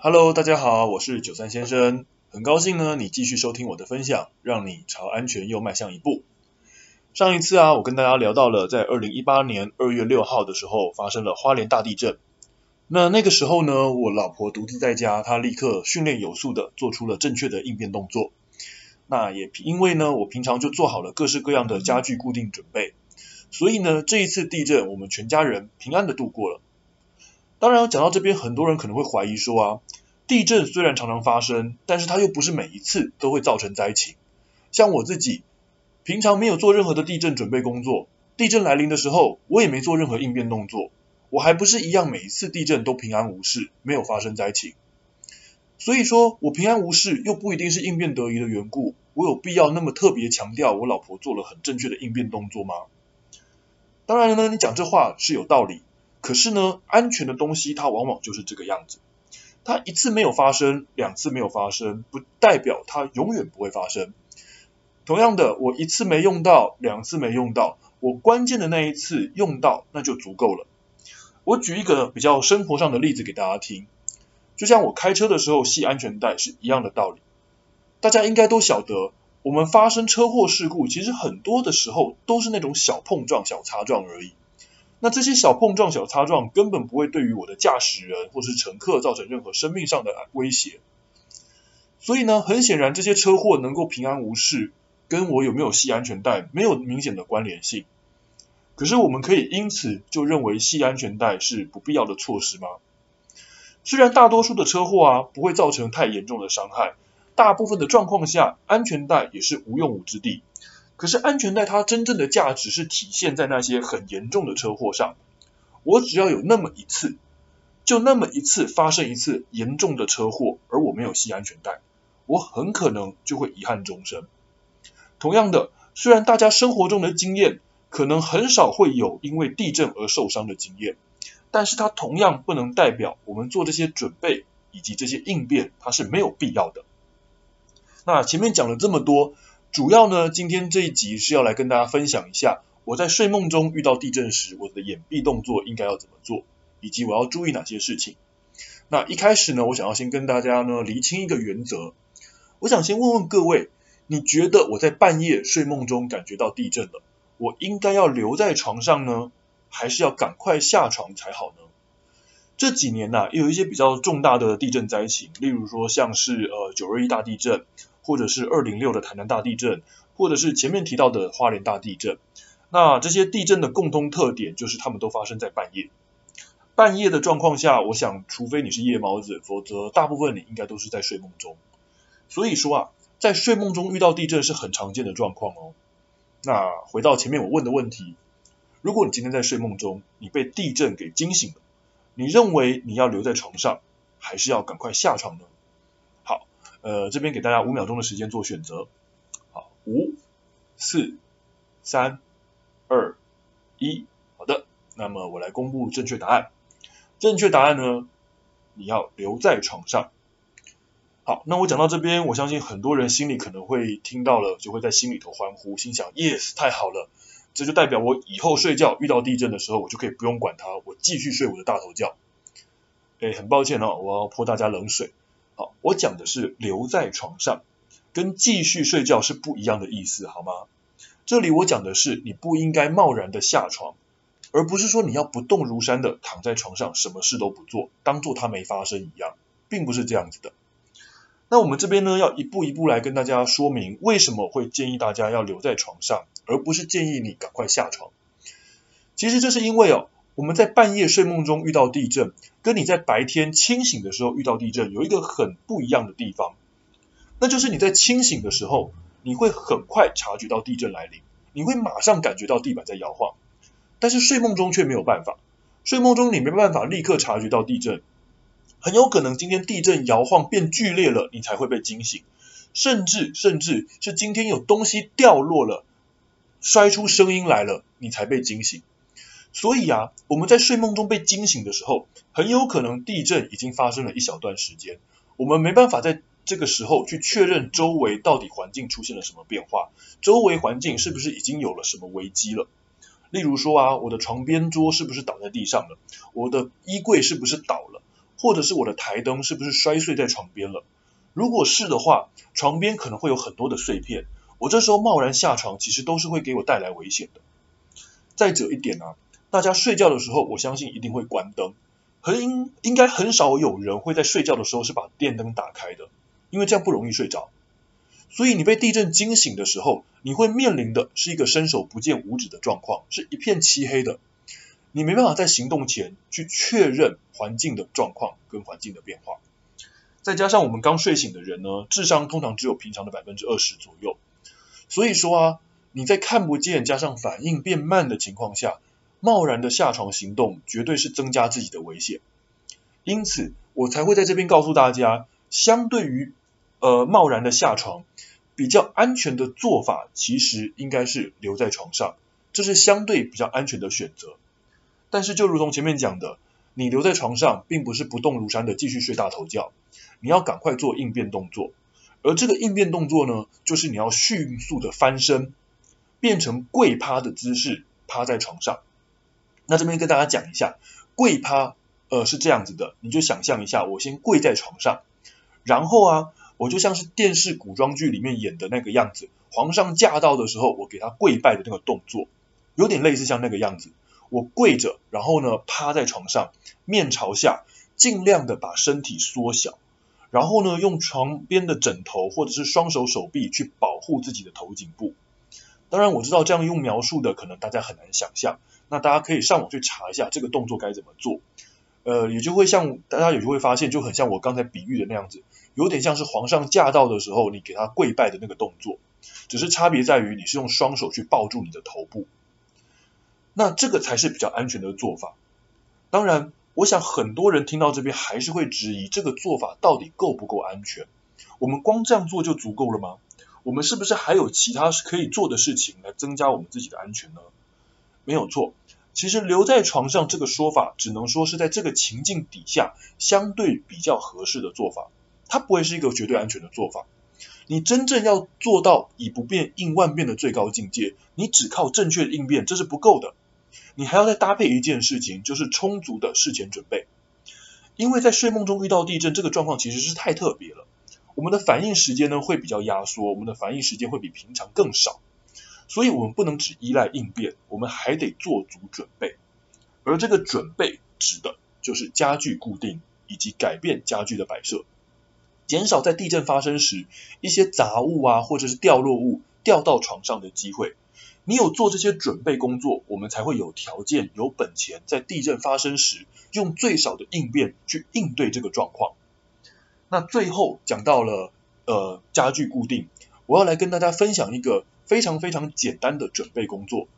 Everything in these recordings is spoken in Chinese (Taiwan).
哈嘍，大家好，我是九三先生，很高興呢，你繼續收聽我的分享，讓你朝安全又邁向一步。上一次啊，我跟大家聊到了在二零一八年二月六號的時候發生了花蓮大地震。那那個時候呢，我老婆獨自在家，她立刻訓練有素的做出了正確的應變動作。那也因為呢，我平常就做好了各式各樣的家具固定準備，所以呢，這一次地震我們全家人平安的度過了。當然，講到這邊，很多人可能會懷疑說啊，地震雖然常常發生，但是它又不是每一次都會造成災情。像我自己，平常沒有做任何的地震準備工作，地震來臨的時候，我也沒做任何應變動作，我還不是一樣，每一次地震都平安無事，沒有發生災情。所以說我平安無事，又不一定是應變得宜的緣故。我有必要那麼特別強調我老婆做了很正確的應變動作嗎？當然了呢，你講這話是有道理。可是呢，安全的東西它往往就是這個樣子，它一次沒有發生，兩次沒有發生，不代表它永遠不會發生。同樣的，我一次沒用到，兩次沒用到，我關鍵的那一次用到，那就足夠了。我舉一個比較生活上的例子給大家聽，就像我開車的時候繫安全帶是一樣的道理。大家應該都曉得，我們發生車禍事故，其實很多的時候都是那種小碰撞、小擦撞而已。那這些小碰撞、小擦撞根本不會對於我的駕駛人或是乘客造成任何生命上的威脅，所以呢，很顯然這些車禍能夠平安無事，跟我有沒有繫安全帶沒有明顯的關聯性。可是我們可以因此就認為繫安全帶是不必要的措施嗎？雖然大多數的車禍啊不會造成太嚴重的傷害，大部分的狀況下安全帶也是無用武之地。可是安全帶它真正的價值是體現在那些很嚴重的車禍上。我只要有那麼一次，就那麼一次發生一次嚴重的車禍，而我沒有繫安全帶，我很可能就會遺憾終生。同樣的，雖然大家生活中的經驗可能很少會有因為地震而受傷的經驗，但是它同樣不能代表我們做這些準備以及這些應變它是沒有必要的。那前面講了這麼多。主要呢，今天這一集是要來跟大家分享一下，我在睡夢中遇到地震時，我的掩蔽動作應該要怎麼做，以及我要注意哪些事情。那一開始呢，我想要先跟大家呢釐清一個原則。我想先問問各位，你覺得我在半夜睡夢中感覺到地震了，我應該要留在床上呢，還是要趕快下床才好呢？這幾年吶、啊，也有一些比較重大的地震災情，例如說像是呃九二一大地震。或者是二零六的台南大地震，或者是前面提到的花蓮大地震，那這些地震的共通特點就是它們都發生在半夜。半夜的狀況下，我想除非你是夜貓子，否則大部分你應該都是在睡夢中。所以說啊，在睡夢中遇到地震是很常見的狀況哦。那回到前面我問的問題，如果你今天在睡夢中，你被地震給驚醒了，你認為你要留在床上，還是要趕快下床呢？呃，這邊給大家五秒鐘的時間做選擇。好，五、四、三、二、一。好的，那麼我來公布正確答案。正確答案呢，你要留在床上。好，那我講到這邊，我相信很多人心裡可能會聽到了，就會在心裡頭歡呼，心想：Yes，太好了！這就代表我以後睡覺遇到地震的時候，我就可以不用管它，我繼續睡我的大頭覺。誒、欸，很抱歉哦，我要潑大家冷水。我講的是留在床上，跟繼續睡覺是不一樣的意思，好嗎？這裡我講的是你不應該貿然的下床，而不是說你要不動如山的躺在床上，什麼事都不做，當做它沒發生一樣，並不是這樣子的。那我們這邊呢，要一步一步來跟大家說明，為什麼會建議大家要留在床上，而不是建議你趕快下床。其實這是因為哦。我們在半夜睡夢中遇到地震，跟你在白天清醒的時候遇到地震有一個很不一樣的地方，那就是你在清醒的時候，你會很快察覺到地震來臨，你會馬上感覺到地板在搖晃，但是睡夢中卻沒有辦法，睡夢中你沒辦法立刻察覺到地震，很有可能今天地震搖晃變劇烈了，你才會被驚醒，甚至甚至是今天有東西掉落了，摔出聲音來了，你才被驚醒。所以啊，我們在睡夢中被驚醒的時候，很有可能地震已經發生了一小段時間。我們沒辦法在這個時候去確認周圍到底環境出現了什麼變化，周圍環境是不是已經有了什麼危機了。例如說啊，我的床邊桌是不是倒在地上了？我的衣櫃是不是倒了？或者是我的檯燈是不是摔碎在床邊了？如果是的話，床邊可能會有很多的碎片。我這時候貿然下床，其實都是會給我帶來危險的。再者一點呢、啊？大家睡覺的時候，我相信一定會關燈，很應，應該很少有人會在睡覺的時候是把電燈打開的，因為這樣不容易睡着。所以你被地震驚醒的時候，你會面臨的是一個伸手不見五指的狀況，是一片漆黑的，你沒辦法在行動前去確認環境的狀況跟環境的變化。再加上我們剛睡醒的人呢，智商通常只有平常的百分之二十左右。所以說啊，你在看不見加上反應變慢的情況下，貿然的下床行動絕對是增加自己的危險，因此我才會在這邊告訴大家，相對於呃貿然的下床，比較安全的做法其實應該是留在床上，這是相對比較安全的選擇。但是就如同前面講的，你留在床上並不是不動如山的繼續睡大頭覺，你要趕快做應變動作，而這個應變動作呢，就是你要迅速的翻身，變成跪趴的姿勢，趴在床上。那這邊跟大家講一下，跪趴。呃，是這樣子的，你就想象一下，我先跪在床上，然後啊，我就像是電視古裝劇裡面演的那個樣子，皇上駕到的時候，我給他跪拜的那個動作，有點類似像那個樣子。我跪着，然後呢，趴在床上，面朝下，盡量的把身體縮小，然後呢，用床邊的枕頭或者是雙手手臂去保護自己的頭頸部。當然，我知道這樣用描述的，可能大家很難想象那大家可以上網去查一下這個動作該怎麼做，呃，也就會像大家也就會發現，就很像我剛才比喻的那樣子，有點像是皇上駕到的時候，你給他跪拜的那個動作，只是差別在於你是用雙手去抱住你的頭部，那這個才是比較安全的做法。當然，我想很多人聽到這邊還是會質疑這個做法到底夠不夠安全？我們光這樣做就足夠了嗎？我們是不是還有其他可以做的事情來增加我們自己的安全呢？沒有錯，其實留在床上這個說法，只能說是在這個情境底下相對比較合適的做法，它不會是一個絕對安全的做法。你真正要做到以不變應萬變的最高境界，你只靠正確的應變這是不夠的，你還要再搭配一件事情，就是充足的事前準備。因為在睡夢中遇到地震這個狀況其實是太特別了，我們的反應時間呢會比較壓縮，我們的反應時間會比平常更少。所以我們不能只依賴應變，我們還得做足準備。而這個準備指的就是家具固定以及改變家具的擺設，減少在地震發生時一些雜物啊或者是掉落物掉到床上的機會。你有做這些準備工作，我們才會有條件、有本錢在地震發生時用最少的應變去應對這個狀況。那最後講到了，呃，家具固定，我要來跟大家分享一個。非常非常簡單的準備工作，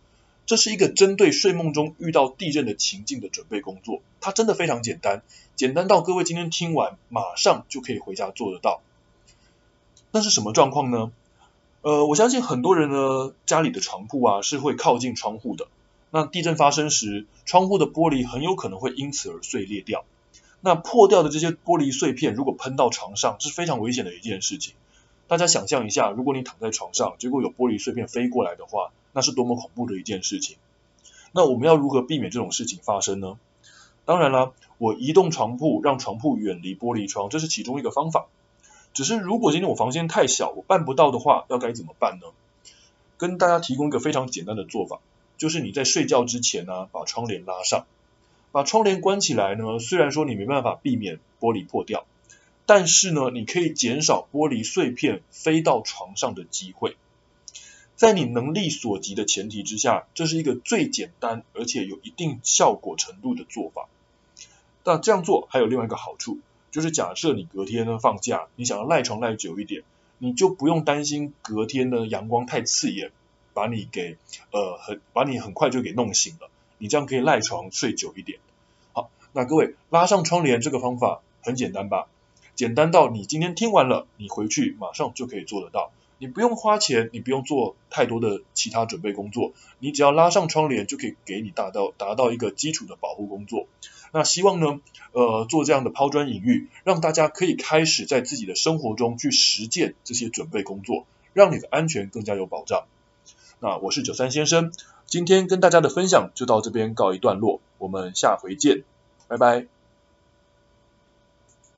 這是一個針對睡夢中遇到地震的情境的準備工作。它真的非常簡單，簡單到各位今天聽完馬上就可以回家做得到。那是什麼狀況呢？呃，我相信很多人呢家裡的床鋪啊是會靠近窗戶的。那地震發生時，窗戶的玻璃很有可能會因此而碎裂掉。那破掉的這些玻璃碎片如果噴到床上，是非常危險的一件事情。大家想象一下，如果你躺在床上，結果有玻璃碎片飛過來的話，那是多麼恐怖的一件事情。那我們要如何避免這種事情發生呢？當然啦，我移動床鋪，讓床鋪遠離玻璃窗，這是其中一個方法。只是如果今天我房間太小，我辦不到的話，要該怎麼辦呢？跟大家提供一個非常簡單的做法，就是你在睡覺之前呢，啊，把窗簾拉上，把窗簾關起來呢。雖然說你沒辦法避免玻璃破掉。但是呢，你可以減少玻璃碎片飛到床上的機會，在你能力所及的前提之下，這是一個最簡單而且有一定效果程度的做法。那這樣做還有另外一個好處，就是假設你隔天呢放假，你想要賴床賴久一點，你就不用擔心隔天的陽光太刺眼，把你給呃，很把你很快就給弄醒了。你這樣可以賴床睡久一點。好，那各位，拉上窗簾這個方法很簡單吧？簡單到你今天聽完了，你回去馬上就可以做得到。你不用花錢，你不用做太多的其他準備工作，你只要拉上窗簾就可以給你達到達到一個基礎的保護工作。那希望呢，呃，做這樣的拋磚引玉，讓大家可以開始在自己的生活中去實踐這些準備工作，讓你的安全更加有保障。那我是九三先生，今天跟大家的分享就到這邊告一段落，我們下回見，拜拜。